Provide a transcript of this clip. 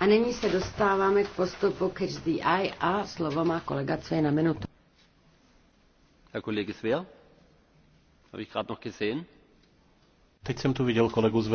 A nyní se dostáváme k postupu Catch the Eye a slovo má kolega Cvej na minutu. Herr Kollege Swehr, habe ich gerade noch gesehen. Teď jsem tu viděl kolegu Zver.